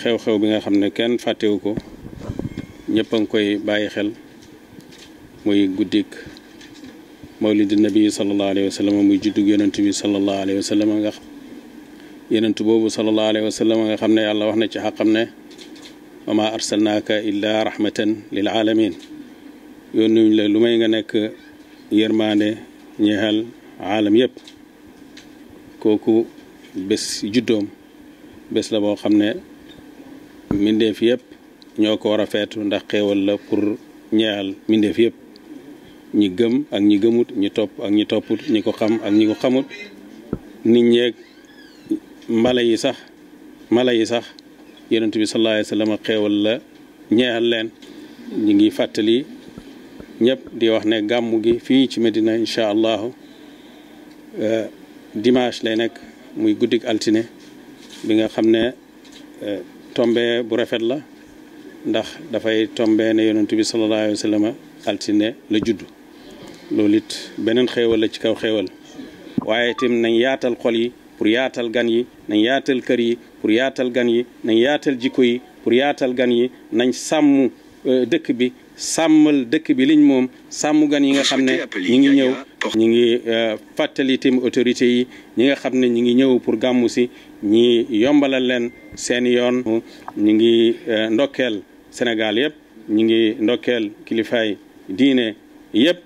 xew-xew bi nga xam ne kenn fàttewu ko ñëpp a ngi koy bàyyi xel muy guddik mawlidi nabi sallallahu alayhi wa sallam muy juddug yonent bi sallallahu alayhi wa sallam nga yonent boobu sallallahu alayhi wa nga xam ne yàlla wax na ci xaqam ne wa maa arsalnaaka illa rahmatan lil aalamin yónnuñ la lu may nga nekk yërmaande ñeexal aalam yëpp kooku bés juddoom bés la boo xam ne mbindeef yëpp ñoo ko war a feetu ndax xéewal la pour ñeexal mbindeef yëpp ñi gëm ak ñi gëmut ñi topp ak ñi topput ñi ko xam ak ñi ko xamut nit ñeeg mbala yi sax mala yi sax yonent bi sallallahu alayhi xéewal la ñeexal leen ñu ngi fàttali ñëpp di wax ne gàmmu gi fii ci Medina incha allahu euh, dimanche lay nekk muy guddik altine bi nga xam ne euh, tombe bu rafet la ndax dafay tombe ne yonentu bi sallallahu alayhi wa sallam altine la juddu loolu it beneen xéewal la ci kaw xéewal waaye tim nañ yaatal xol yi pour yaatal gan yi nañ yaatal kër yi pour yaatal gan yi nañ yaatal jikko yi pour yaatal nañ sàmm Euh, dëkk bi sàmmal dëkk bi liñ moom sàmm gan yi nga xam ne ñi ngi ñëw ñi ngi euh, fàttali tim autorité yi ñi nga xam ne ñi ngi ñëw pour gàmmu si ñi yombalal leen seen yoon ñi ngi euh, ndokkeel Sénégal yëpp ñi ngi ndokkeel kilifaay diine yëpp